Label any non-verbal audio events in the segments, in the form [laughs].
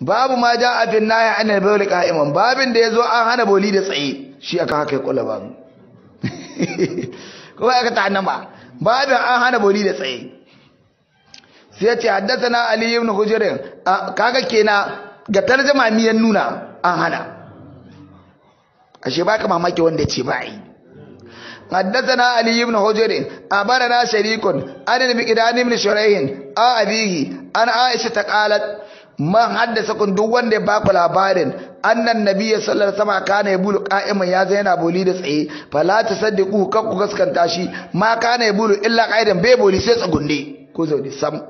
babu ma ja a fin naya an bauli ka'iman babin da ya zo an hana boli da tsaye shi aka haka ya kula [laughs] ba mu kuma aka ta ba babin an hana boli da tsaye sai ce haddasa na ali ibn hujrin kaga na ga tarjama miyan nuna an hana ashe baka mamaki wanda ya ce ba yi حدثنا علي بن حجر أبرنا شريك idanun المقداد بن شريح أبيه عن عائشة قالت man haddasa kun duk wanda ya baku labarin annan nabi ya sallar sama kana bulu qa'iman ya zai yana boli da tsaye fala ku kan ku gaskanta shi ma kana bulu illa ka'idan bai boli sai tsagunde ko zaune sam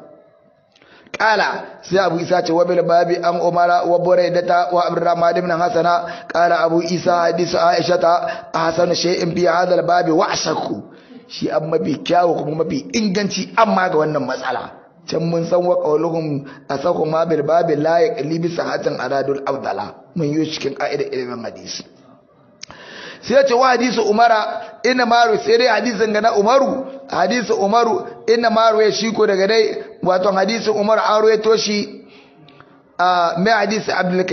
kala sai abu isa ce wabil babi an umara wa buraidata wa abdurrahman ibn hasana kala abu isa hadisu aisha ta hasan shay'in in hadha babi wa asaku shi an bi kyawu kuma mafi inganci amma ga wannan matsala can mun san wa qauluhum asahu ma bil babil la yaqli bi sahatin aradul afdala mun yi cikin ka'idar ilimin hadisi sai ce wa hadisi umara inna maru sai dai hadisin ga umaru hadisi umaru inna maru ya shi daga dai wato hadisin umar aro ya toshi? a mai hadisi abdul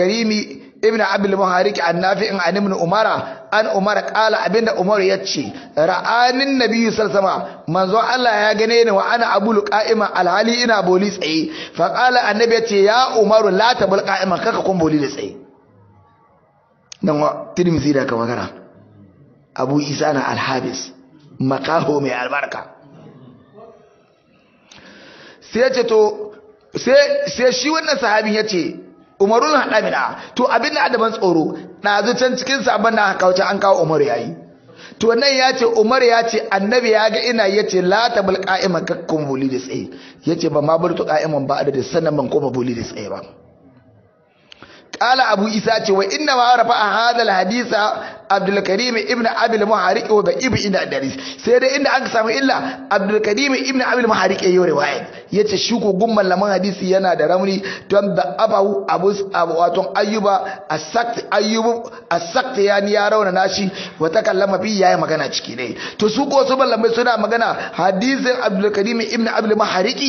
ibn abdul muharik an in an ibn umara an umar qala abinda umar yace ra'anin nabi sallallahu manzo Allah ya gane ni wa ana abul qa'ima alhali ina boli tsaye fa qala annabi yace ya umaru la tabul qa'ima kaka kun boli da tsaye dan wa tirmizi da ka magana abu isa na alhabis makaho mai albarka sai ya ce to sai shi wannan sahabin ya ce umarul hadamina to abin da adaban tsoro ɗazu can cikin sabon da aka an kawo umar yayi to nan yace ce umar ya annabi ya ga ina ya ce la ta bul qa'ima kakkum buli tsaye ya ce ba ma bultu qa'iman ba adadin sanan ban koma buli da tsaye ba qala abu isa ce wa inna ma rafa hadal hadisa abdul karim ibn abil muhariq wa da ibn daris sai dai inda aka samu illa abdul karim ibn abil muhariq yayi riwaya yace shi ko gun malaman hadisi yana da rauni don da abu abu wato ayyuba as ayyub yani ya rauna nashi wa takallama fi yayi magana ciki ne to su ko su malamai suna magana hadisin abdul karim ibn abil muhariq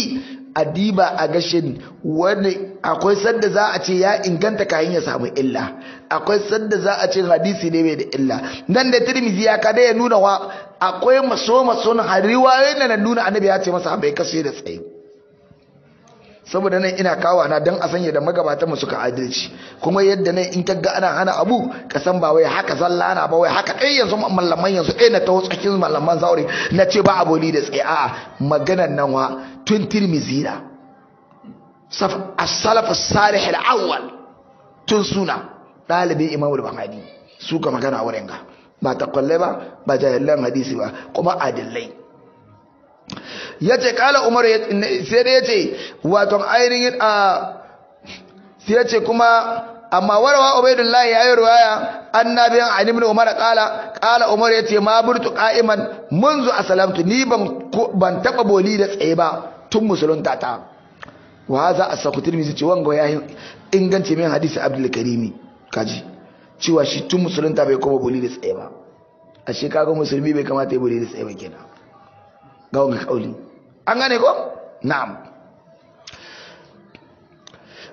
adiba a gashin wani akwai sanda za a ce ya inganta kayan ya samu illa akwai sanda za a ce hadisi ne mai da illa nan da tirmizi ya kada ya nuna wa akwai maso maso na hariwa da na nuna annabi ya ce masa bai kashe da tsaye saboda nan ina kawa na dan a sanya da magabata mu suka adalci kuma yadda nan in ga ana hana abu ka san ba wai haka zalla na ba wai haka ɗaya yanzu mallaman yanzu ɗaya na taho tsakin mallaman zaure na ce ba aboli da tsaye a'a maganan nan wa tun tirmizi na as-salaf salih al-awwal tun suna dalibin imamu al-bukhari su ka magana wurin ga ba takwalle ba ba jahilan hadisi ba kuma adillai ce kala umar sai dai yace wato ainihin a sai yace kuma amma warawa layi ya yi ruwaya an annabiyan an ibn umar kala kala umar ce ma burtu ka'iman qa'iman munzu asalamtu ni ban taɓa boli da tsaye ba tun musulunta ta wa a as-sakhu tirmizi ce wanga ya yi inganci min hadisi abdul karimi kaji cewa shi tun musulunta bai koma boli da tsaye ba a shekaru musulmi bai kamata ya boli da tsaye ba kenan ga wani kauli an gane ko na'am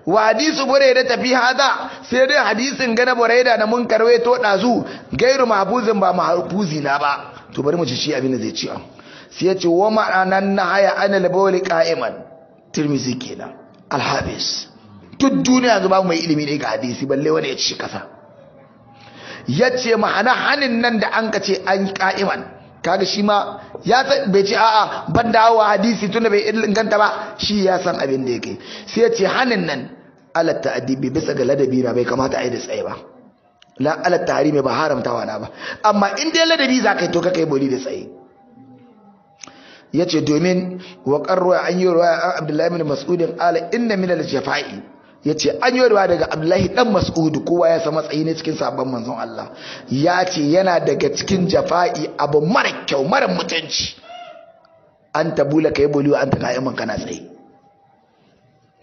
wa hadisu buraida ta fi hada sai dai hadisin gana buraida da mun to dazu gairu mahfuzin ba mahfuzi na ba to bari mu ci shi abin da zai ci an sai ya ce wa ma'anan na haya anil bawli ka'iman. tirmizi kenan alhabis duk duniya zuba mai ilimi ne ga hadisi balle wani ya ci kasa ya ce ma'ana hanin nan da an ka ce an ka'iman kaga shi ma ya bai ce a'a ban dawo hadisi tun da bai inganta ba shi ya san abin da yake sai ya ce hanin nan ala ta'dibi bisa ga ladabi na bai kamata a yi da tsaye ba la ala tahrimi ba haramtawa na ba amma in dai ladabi za ka yi to ka kai boli da tsaye ya ce domin wa ƙarruwa an yi ruwa an abdullahi min mas'udin ala inna min al-jafa'i ya ce an yi ruwa daga abdullahi dan mas'ud kowa ya sa matsayi ne cikin sabon manzon Allah ya ce yana daga cikin jafa'i abu mara kyau mara mutunci an tabula kai boliwa an ta kayan kana tsaye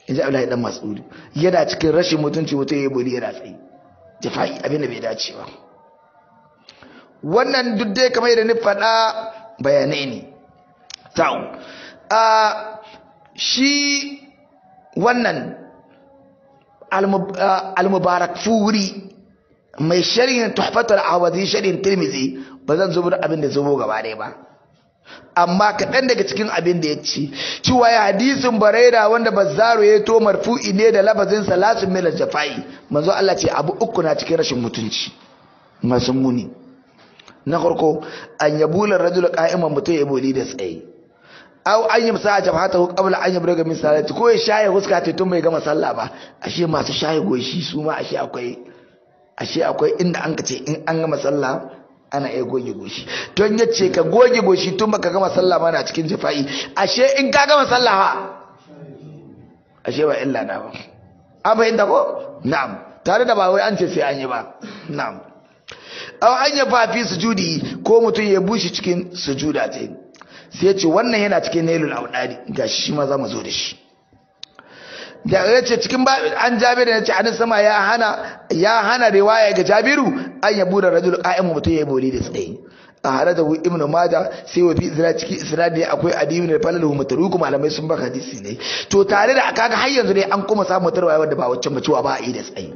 in ji abdullahi dan mas'ud yana cikin rashin mutunci mutum ya boli yana tsaye jafa'i abin da bai dace ba wannan duk dai kamar yadda ni faɗa bayanai ne ta'un ah, shi wannan ah, al-mubarak furi mai sharhin a awazi shirin tirmizi ba zan zubar abin da zubo gaba ɗaya ba amma kaɗan daga cikin abin da ya ci cewa ya hadisin baraira wanda bazzaro ya to marfu'i ne da labazin salasin mila jafai manzo Allah ce abu uku na cikin rashin mutunci masu muni na farko an yabula rajul qa'iman mutai ya da tsaye aw an yamsa ko qabla an yabraga min salati ko ya shaye huska ta tun bai gama sallah ba ashe masu shaye goshi su ma ashe akwai ashe akwai inda an kace in an gama sallah ana iya goge goshi don yace ka goge goshi tun baka gama sallah ma na cikin jifa'i ashe in ka gama sallah ha ashe ba illa na ba amma inda ko na'am tare da ba wai an ce sai an yi ba na'am aw an yafa fi sujudi ko mutum ya bushe cikin sujuda ta yi sai ce wannan yana cikin nailul audadi gashi shi ma za mu zo da shi da ya ce cikin ba an jabiru ya ce an sama ya hana ya hana riwaya ga jabiru an ya bude rajul qa'imu mutum ya boli da tsaye a harada hu ibn majah sai wa fi isra ciki isnadi akwai adimin da falalu mutaruku malamai sun baka hadisi ne to tare da kaga har yanzu ne an kuma samu tarwaya wanda ba wacce mutuwa ba a yi da tsaye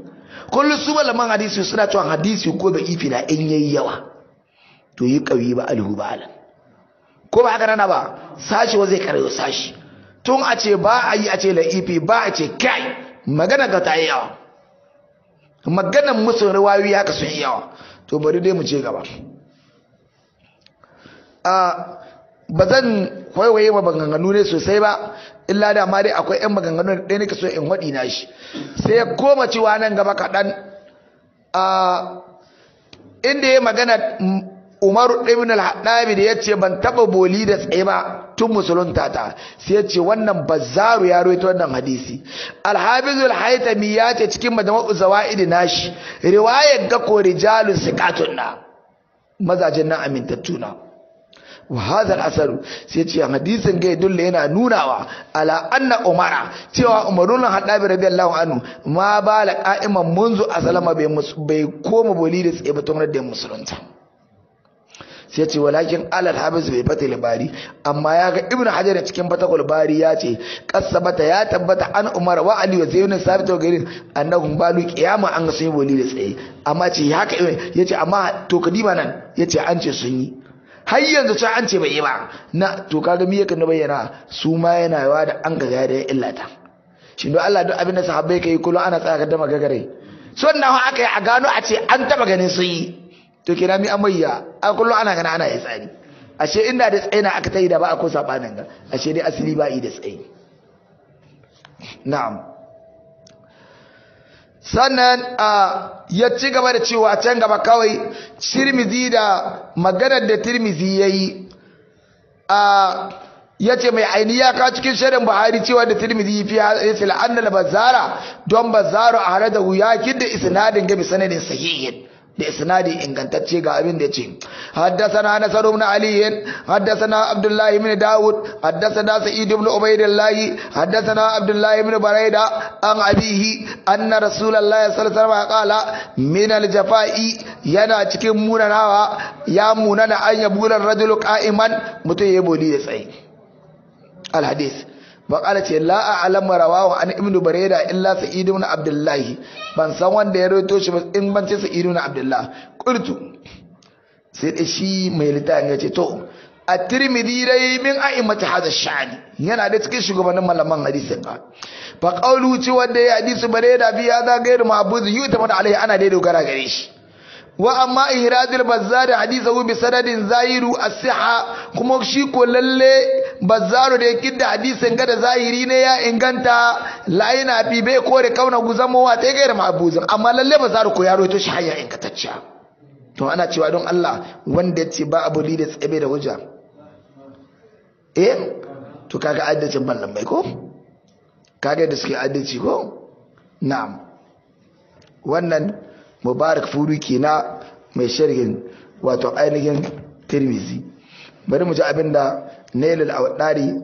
kullum su malaman hadisi suna cewa hadisi ko da ifi na in yayi yawa to yi kauyi ba alhu ba alam ko ba aka nana ba sashi wa zai karayo sashi tun a ce ba a yi a ce la'ifi e ba a ce kai magana ga ta yi yawa maganan musu ya ka sun yi yawa to bari dai mu ce gaba a ba zan waiwaye ma maganganu ne sosai ba illa da ma dai akwai yan maganganu da ka so in waɗi na shi sai ya koma cewa nan gaba kaɗan a inda ya magana Umaru ibn al-Haddab da yace ban taba boli da tsaye ba tun musulunta ta sai yace wannan bazzaru ya rawaito wannan hadisi al-Hafiz al-Haytami ya ce cikin majma'u zawaidi nashi riwayar ga ko rijalun sikatun na mazajin nan amintattu na wa hadha al-asaru sai yace hadisin ga dulle yana nunawa ala anna umara cewa umarun al-Haddab radiyallahu anhu ma bala qa'iman munzu asalama bai koma boli da tsaye ba tun da musulunta sai ce walakin alal habis bai fata labari amma ya ga ibnu hajar cikin fata bari ya ce kasabata ya tabbata an umar wa ali wa zainu sabit wa gairin annahum balu qiyama an ga sun yi da tsaye amma ce haka yace amma to kadima nan yace an ce sun har yanzu sai an ce bai yi ba na to kaga me yake na bayyana su ma yana yawa da an ga da ya illata shin don Allah duk abin da sahabbai kai kullu ana tsaya ka dama so sannan aka yi a gano a ce an taba ganin sun yi to kira mi amayya a kullum ana gana ana tsari ashe inda da tsayi na aka tayi da ba a ko sabanin ga ashe dai asali ba yi da tsayi na'am sannan ya ci gaba da cewa can gaba kawai tirmizi da maganar da tirmizi ya yi ya ce mai ya kawo cikin shirin buhari cewa da tirmizi fi hasil annal bazara don bazaro a hare da wuya da isnadin gabi sanadin sahihin da isnadi ingantacce ga abin da yace haddathana nasar ibn ali haddathana abdullah ibn daud haddathana sa'id ibn ubaydillah haddathana abdullah ibn barayda an abihi anna rasulullahi sallallahu alaihi wasallam qala min aljafa'i yana cikin munanawa ya munana an yabula rajulu qa'iman mutum ya boli da tsaye alhadith faƙala ce لا a رواه عن ابن ibn bareda illa بن عبد الله ban san wanda ya rawaito shi ba in ban ce sa'id ibn abdullah qultu sai da shi mai littafin ya ce to at-tirmidhi dai min a'immati yana da cikin shugabannin malaman hadisi ka fa qawlu ci wanda ya hadisi bareda bi hadha ghairu ta yutamad alai ana dai dogara gare shi wa amma ihrajul bazzar hadithu bi sanadin zahiru as-siha kuma shi ko lalle bazzaro da ya da hadisin ga da zahiri ne ya inganta laina fi bai kore kauna guzan mawa ta gaira ma'abuzin amma lalle bazzaro ko yaro to shi hanya ingantacciya to ana cewa don Allah wanda ya ce ba abu da tsabe da hujja eh to kaga addacin mallan bai ko kaga da suke addaci ko na'am wannan mubarak furuki na mai sharhin wato ainihin tirmizi bari mu ji abinda nailal awadari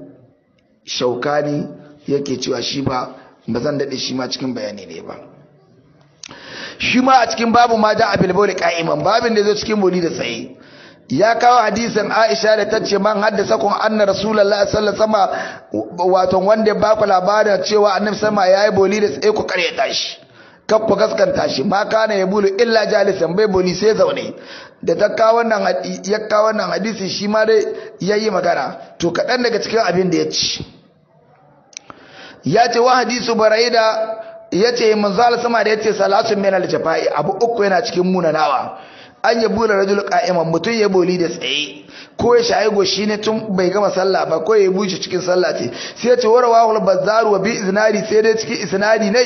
shaukani yake cewa shi ba ba zan daɗe shi ma cikin bayani ne ba shi ma a cikin babu ma ja a bilboli ka'iman babin da zo cikin boli da tsaye ya kawo hadisin Aisha da ta ce man haddasa kun anna rasulullahi sallallahu alaihi wasallam wato wanda ba ku labarin cewa annabi sama yayi boli da tsaye ku karyata shi kafa gaskanta shi ma kana ya bulu illa jalisan bai boli sai zaune da ta kawo wannan ya kawo wannan hadisi shi ma dai yayi magana to kaɗan daga cikin abin da ya ci ya ce wa hadisu baraida ya ce manzal sama da ya ce salasun min al abu uku yana cikin munanawa an ya bula rajul qa'iman mutum ya boli da tsaye ko ya shayi shi ne tun bai gama sallah ba ko ya bushe cikin sallah ce sai ya ce wa wal bazaru wa bi isnadi sai dai cikin isnadi ne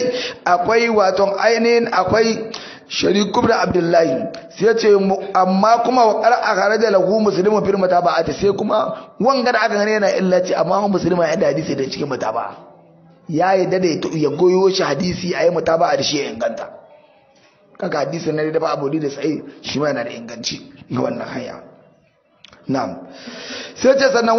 akwai waton ainihin akwai sharik kubra abdullahi sai ya ce amma kuma wa qara da lahu muslimu fil mutaba'ati sai kuma wanga da aka gane yana illaci amma muslima ya da sai da cikin mutaba ya yadda da ya goyo shi hadisi a yi mutaba da shi ya inganta kaga hadisi na da ba abu da sai shi ma yana da inganci ga wannan haya na'am sai ce sannan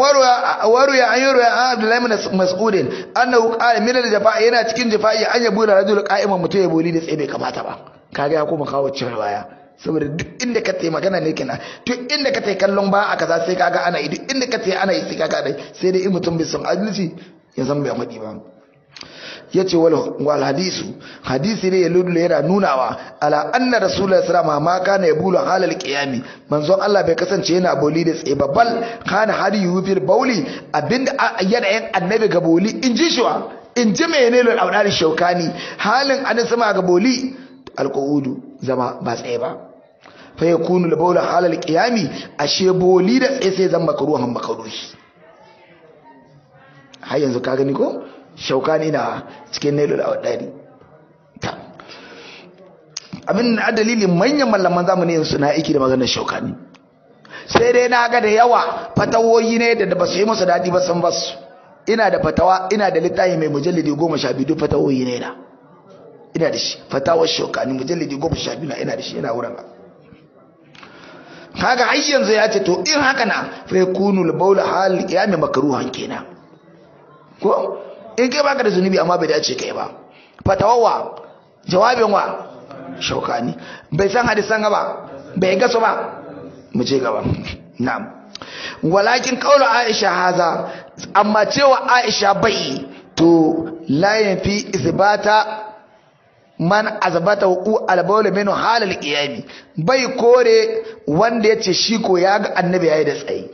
waru ya an yi ruwa an abdullahi min mas'udin annahu qala min al-jafa yana cikin jafa'i an yabu da rajul qa'iman mutum ya boli da sai bai kamata ba kaga ya koma kawo cin baya saboda duk inda ka tayi magana ne kenan To inda ka tayi kallon ba a kaza sai kaga ana yi duk inda ka tayi ana yi sai kaga ana yi sai dai in mutum bai san adalci ya zama bai faɗi ba ya ce wal hadisu hadisi ne ya lullu yana nunawa ala anna rasulullah sallallahu alaihi wasallam ma kana yabulu halal qiyami manzon Allah bai kasance yana boli da tsaye babbal kana hadi yufir bauli abinda yana yin annabi ga boli in ji shiwa in ji mene lul audari shaukani halin an sama ga boli alqudu zama ba tsaye ba fa yakunu al bawl halal qiyami ashe boli da tsaye sai zan makaruhan makaruhi har yanzu ka gani ko shaukani na cikin nailul awdari abin da dalilin manyan mallaman zamani yanzu na aiki da maganar shaukani sai dai na ga da yawa fatawoyi ne da ba su yi musu daɗi ba san ba su ina da fatawa ina da littafi mai mujallidi goma sha biyu fatawoyi ne na ina da shi fatawar shaukani mujallidi goma sha biyu na ina da shi ina wurin ba kaga ai yanzu ya ce to in haka na fa yakunu al-bawl hal ya mai makruhan kenan ko in kai baka da zunubi amma bai dace kai ba fatawawa jawabin wa shaukani bai san hadisan ba bai gasu ba mu je gaba [laughs] na'am walakin kaulu aisha haza amma cewa aisha bai to la yafi isbata man azbata hu albawl min halal qiyami bai kore wanda yace shi ko ya ga annabi yayi da tsayi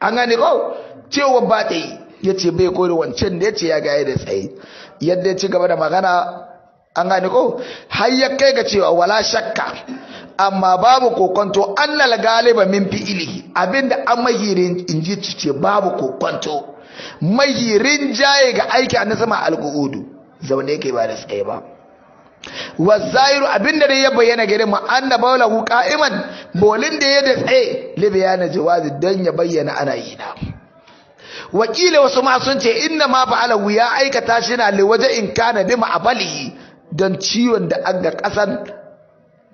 an gane ko cewa ba ta yi yace bai koyar wancan da yace ya gaya da tsaye yadda ya ci gaba da magana an gane ko har ya kai ga cewa wala shakka amma babu kokonto annal galiba min fi'ili abinda an mahirin inji ce babu kokonto mahirin jaye ga aiki na sama alqu'udu zaune yake ba da tsaye ba wa zahiru abinda dai ya bayyana gare mu anna bawlahu qa'iman bolin da ya da tsaye ya na jawazi dan ya bayyana ana yi na wakile wasu ma sun ce inna ma fa'alahu ya aikata shi na waje in kana bi ma'abalihi don ciwon da an ga kasan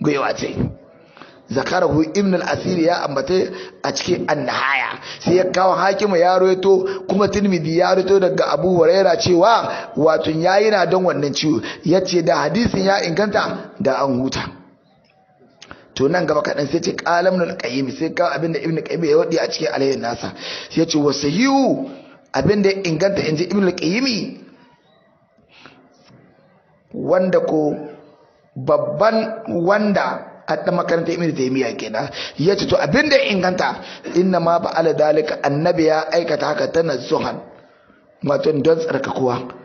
gwiwa ce zakarahu ibn al-asir ya ambata a cikin annahaya sai ya kawo hakimu ya roto kuma tilmidi ya roto daga abu huraira cewa wato yayi na don wannan ciwo yace da hadisin ya inganta da an huta to nan gaba kaɗan sai ce ƙalam alƙayyami sai ka abinda ibn ƙayyimi ya waɗi a cikin alayyar nasa sai ce wasu hiyu abinda ya inganta in ji ibn alƙayyami wanda ko babban wanda a ɗan makarantar ibn taimiyya kenan ya ce to abinda ya inganta inna ma ba ala dalika annabi ya aikata haka tana zuhan wato don tsarkakuwa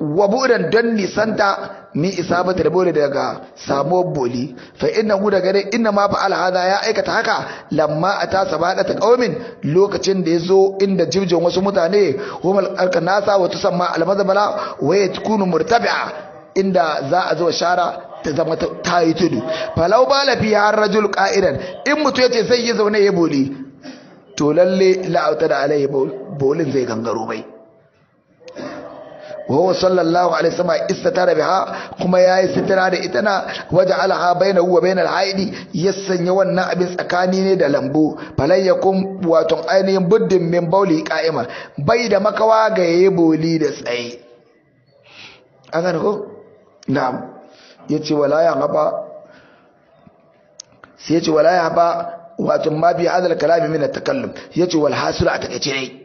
wa bu'dan don nisanta ni isabata da bole daga samuwar boli fa inna hu daga dai inna ma fa alhada ya aikata haka lamma ata ta qaumin lokacin da yazo inda jibjin wasu mutane humal alkanasa wa tusamma almazbala wa yatkunu murtabi'a inda za a zo shara ta zama ta yi tudu falau bala fi har rajul qa'idan in mutu yace zai yi zaune ya boli to lalle la'auta da alai bolin zai gangaro mai wa huwa sallallahu alaihi wasallam istatara biha kuma yayi sitira da ita na waja'alaha bainahu wa bainal haidi ya sanya wannan abin tsakani ne da lambu falai yakum wato ainihin buddin min bauli qa'ima bai da makawa ga yayi boli da tsaye an gane ko na'am yace wala ya haba sai yace wala ya haba wato ma bi hadal kalami min at-takallum yace wal hasil a takeice ne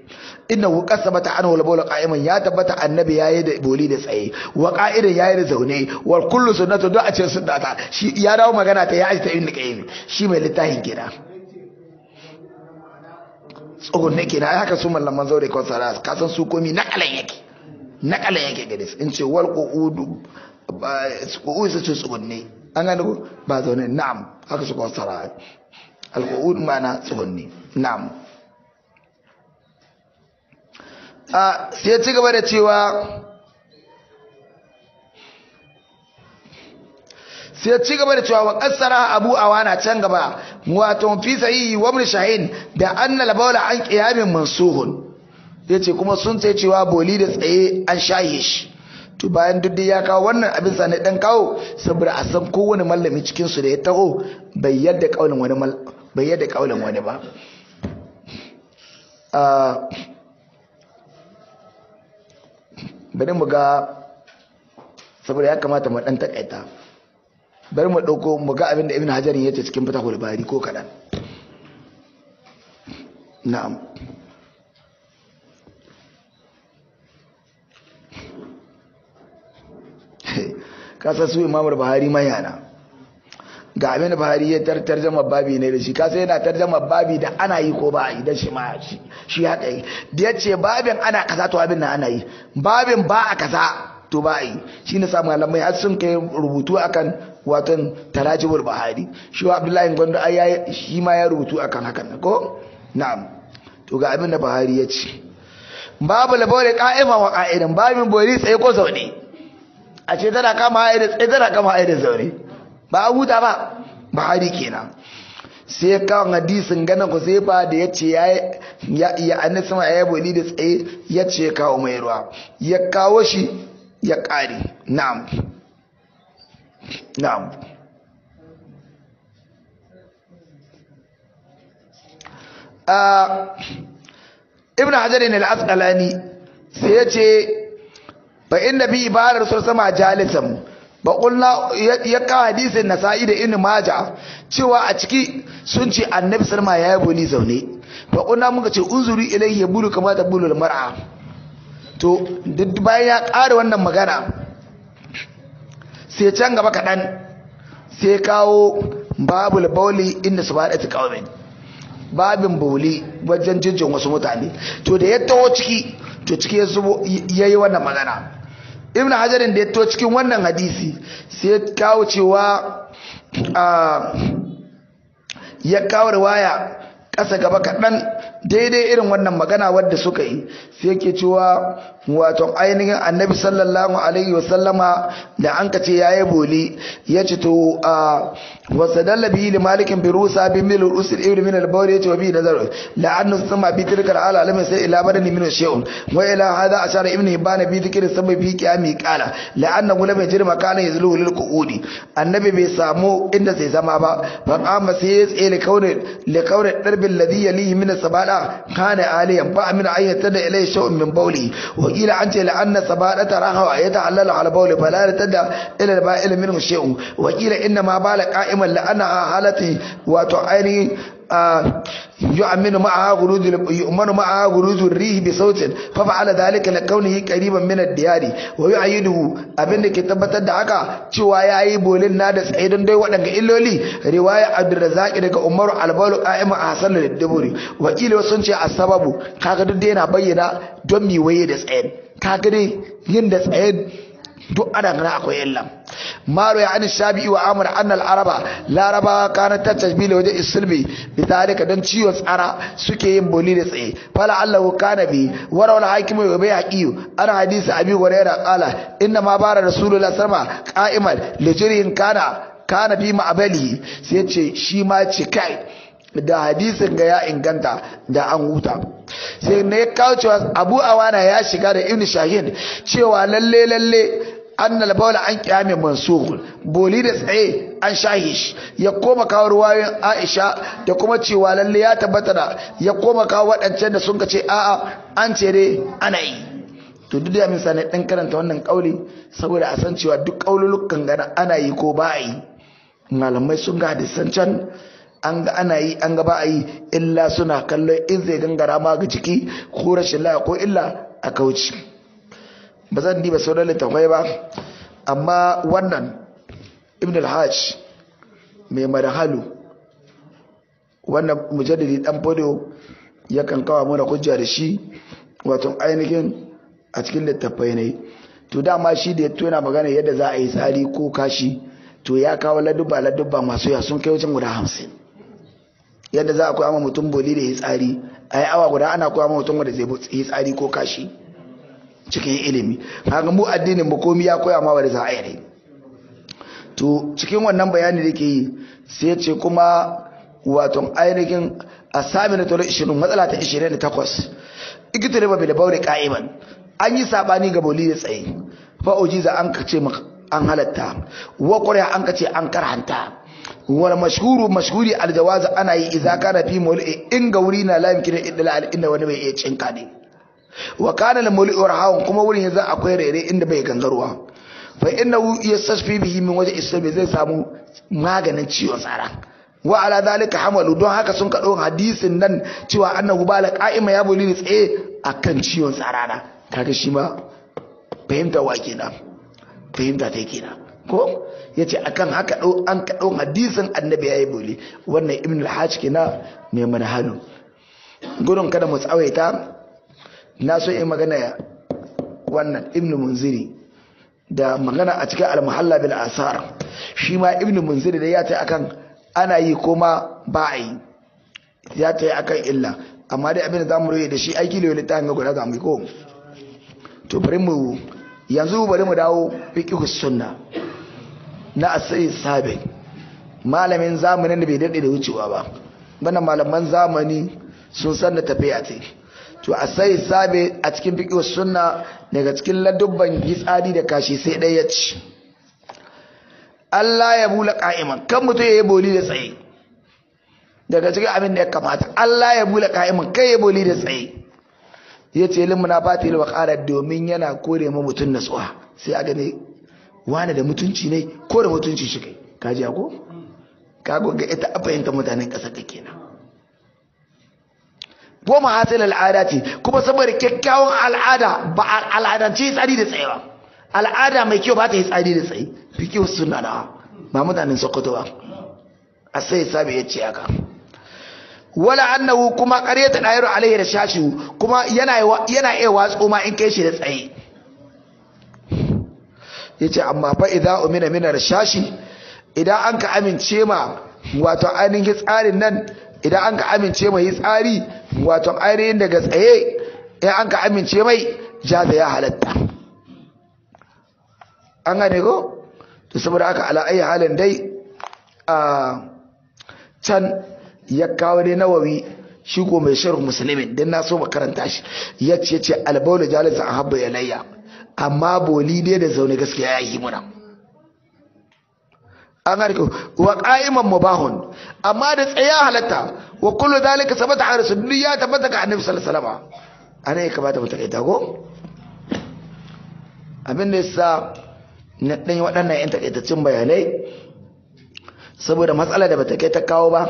hu qasabata anhu al bawla qa'iman ya tabbata annabi yayi da boli da tsaye wa qa'idan yayi da zaune wa kullu sunnatu duk a ce sunnata shi ya dawo magana ta ya aji ta ibn qayyim shi mai littafin gida tsogon nake na haka su mallaman zaure ko sara ka san su komi kalan yake kalan yake gare in ce wal qu'udu qu'udu su ce ne an ga ba zaune na'am haka su ko sara al qu'ud ma'ana ne na'am sai ci gaba da cewa sai ci gaba da cewa wa kassara abu awana can gaba wato fi sahihi wa ibn shahin da anna labawla an qiyamin mansuhun yace kuma sun sai cewa boli da tsaye an shaye shi to bayan duk ya kawo wannan abin sa ne dan kawo saboda a san kowane mallami cikin su da ya taho bai yadda kaulin wani bai yadda kaulin wani ba bari mu ga saboda ya kamata mu dan takaita bari mu dauko mu ga abin da ibnu hajar ya ce cikin fatahul bari ko kadan na'am kasa su imamul mai yana ga abin Buhari ya tarjama babi ne da shi kasa yana tarjama babi da ana yi ko ba yi da shi ma shi haka yi da ya ce babin ana kasa to abin na ana yi babin ba a kasa to ba yi shi ne samun alamai har sun kai rubutu akan watan tarajibul Buhari shi wa Abdullahi Gondo ai shi ma ya rubutu akan hakan ko na'am to ga abin da Buhari ya ce babu labore ka'ima wa ka'idan babin bori tsaye ko zaune a ce tana kama haida tsaye tana kama haida zaune ba a huta ba buhari kenan sai kawo hadisin ganin Huzaifa da ya ce ya ya ma ya yabo ni da tsaye ya ce kawo mai ruwa ya kawo shi ya ƙare na'am na'am ibn hajar ne al sai ya ce ba inda bi ibarar sursama jalisan mu. baƙulla ya kawo hadisin na Sa'ida da inu maja cewa a ciki sun ce annabi salma ya yi boli zaune baƙulla muka ce unzuri ilai ya bulu kama da bulul mar'a to duk bayan ya ƙara wannan magana sai can gaba kaɗan sai kawo babul bauli inda su faɗa ƙaumin babin bauli wajen jinjin wasu mutane to da ya taho ciki to ciki ya yi wannan magana ibn hajarin da ya to cikin wannan hadisi sai ya kawo cewa ah, ya kawo riwaya ƙasa gaba kaɗan daidai irin wannan magana wadda suka yi sai yake cewa wato ainihin annabi sallallahu alaihi wasallama da an kace yayi boli ya ci to a wasadalla bi li malikin bi rusa bi mil usul ibn min al bawri yace wa bi nazar la annu sama bi tilkal al alam sai ila badani min shay'un wa ila hada ashara ibn hibban bi dhikri sabbi bi qiyami qala la anna gulam yajri makana yazlu lil qu'udi annabi bai samu inda zai zama ba fa qama sai ya tsele kaure li kaure darbil ladhi yalihi min sabal sabada kana aliyan ba amina ayyata da ilai shay'un min bauli wa qila an ta la'anna sabadata raha yata'allalu ala bawli fala yatada ila al ba'il minhu shay'un wa qila inna ma bala qa'iman la'ana halati wato ainihin يؤمن معها غروز يؤمن معها fa الريح بصوت ففعل ذلك لكونه قريبا من الديار ويؤيده abin da ke tabbatar da haka cewa yayi bolin na da tsaye don dai waɗanda illoli riwaya Abdurrazzaq daga Umaru Albalu Qa'im Hasan al-Duburi wakili sun ce asababu kaga duk yana bayyana don mi waye da tsaye kaga dai yin da tsaye duk adan gana akwai illa maro ya ani shabi wa amur annal araba larabawa kana ta tajbila waje Isilbi, bi don dan ciwon tsara suke yin boli da tsaye fala allahu kana bi wara wala hakimu wa bai haqiyu an hadisi abi hurairah qala inna ma bara rasulullahi sallallahu alaihi wasallam qa'iman lijrin kana kana bi abali sai ce shi ma ce kai da hadisin ga ya inganta da an huta sai ne kawo cewa abu awana ya shiga da ibn shahin cewa lalle lalle annal bawla an qiyamin mansukh boli da tsaye an shahi shi ya koma kawo ruwayen Aisha da kuma cewa lalle ya tabbata da ya koma kawo waɗancan da sun ce a'a an ce dai ana yi to duk da minsa ne dan karanta wannan kauli saboda a san cewa duk kaululukan gana ana yi ko ba a yi malamai sun ga da san can an ga ana yi an ga ba a yi illa suna kallon in zai gangara ma ga jiki ko rashin lafiya ko illa a kauci ba zan diba sauran littafai ba amma wannan ibn al-hajj mai halu. wannan mujaddidi dan fodo ya kankawa mana hujja da shi wato ainihin a cikin littafai ne to dama shi da ya tona magana yadda za a yi tsari ko kashi to ya kawo ladubba ladubba masu ya sun kai wucin guda hamsin yadda za a koya ma mutum boli da ya tsari a yi awa guda ana koya ma mutum da zai yi tsari ko kashi cikin ilimi haka mu addinin mu komi ya koya ma wa da a yi to cikin wannan bayani da ke yi sai ya ce kuma wato ainihin a sami na tolo 20 matsala ta 28 ne ba da bauri ka'iman an yi sabani ga boli da tsaye oji za an kace an halatta wa ƙwarya an kace an karhanta Wani mashhuru mashhuri aljawaza ana yi izaka kana fi mawli'i in wuri na la idala idlal wani bai iya cinka ne wa kana la mul'u rahawan kuma wurin yanzu akwai rere inda bai gangarwa fa innahu iya bihi min waje islami zai samu maganin ciwon tsara wa ala dalika hamalu don haka sun kaɗo hadisin nan cewa annahu bala qa'ima ya buli tsaye akan ciwon tsarana kaga shi ma fahimta wa kenan fahimta ta kenan ko yace akan haka an kaɗo hadisin annabi ya yi buli wannan ibn al-hajj kenan mai manhalu gudun kada mu tsawaita na so in magana ya wannan Ibn munziri da magana a cikin al-muhalla bil asar shi ma Ibn munziri da ya ta akan ana yi kuma ba a yi ya ta yi akan illa amma dai abin da za mu roye da shi aiki lewa ta ga guda za mu yi ko to bari mu yanzu bari mu dawo fiqhu sunna na asiri sabi malamin zamanin da bai daɗe da wucewa ba bana malaman zamani sun san da tafiya ce to a sai sabe a cikin fiqh sunna daga cikin ladubban hitsari da kashi sai dai ya ci Allah ya bula qa'iman kan mutu ya yi boli da tsaye daga cikin abin da ya kamata Allah ya bula qa'iman kai ya boli da tsaye ya ce lin munafati wa waqara domin yana kore ma mutun natsuwa sai a gane wani da mutunci ne ko da mutunci shi kai kaji ko kago ga ita a fahimta mutanen ƙasa ka kenan ko hatsin al'ada ce kuma saboda kyakkyawan al'ada ba al'adance tsari da tsaye ba al'ada mai kyau ba ta yi tsari da tsaye kyau suna na ba mutanen sokoto ba a sai sabi ya ce haka wala annahu kuma ƙarya ta ɗayar alaihi da shashi kuma yana iya watsu ma in kai shi da tsaye ya ce amma fa idan umina minar shashi idan an ka amince ma wato ainihin tsarin nan idan an ka amince mai tsari wato ainihin daga tsaye idan an ka amince mai jaza ya halatta an gane ko to saboda aka ala ayi halin dai a can ya kawo ne nawawi shi ko mai sharh musulmin dan na so makaranta shi ya ce ce albaulu jalisa a habba yalayya amma boli dai da zaune gaskiya ya yi muna an gane ko wa qa'iman mubahun amma da tsaya halatta wa kullu dalika sabata an rasulullahi ya tabbata ga annabi sallallahu alaihi wasallam anan ya kamata mu takaita ko abin da yasa na dan waɗannan yan takaitaccen bayanai saboda matsala da bata kai ta kawo ba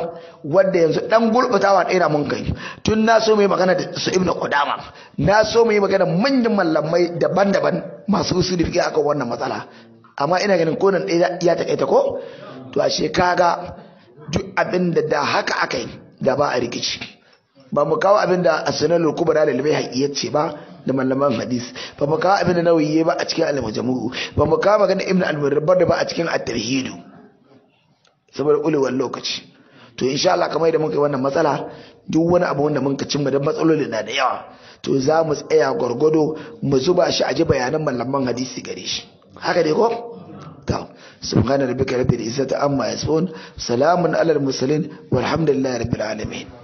wanda yanzu dan gurbatawa ɗaya mun kai tun na so mu yi magana da su ibnu qudama na so mu yi magana manyan mallamai daban-daban masu sulufi akan wannan matsala amma ina ganin ko nan ɗaya ya takaita ko to a kaga duk abin da da haka aka yi da ba a rikici ba mu kawo abin da asinan kubra da limai haƙi ba da malaman hadis ba mu kawo abin da nauyi ba a cikin al-majmu ba mu kawo magana ibnu al da ba a cikin atarhidu saboda ulewar lokaci to insha Allah kamar da muka yi wannan matsala duk wani abu wanda mun ka cimma da matsalolin na da yawa to za mu tsaya gwargwado mu zuba shi a ji bayanan malaman hadisi gare shi haka dai ko subhana rabbika rabbil izzati amma yasifun salamun alal mursalin walhamdulillahi rabbil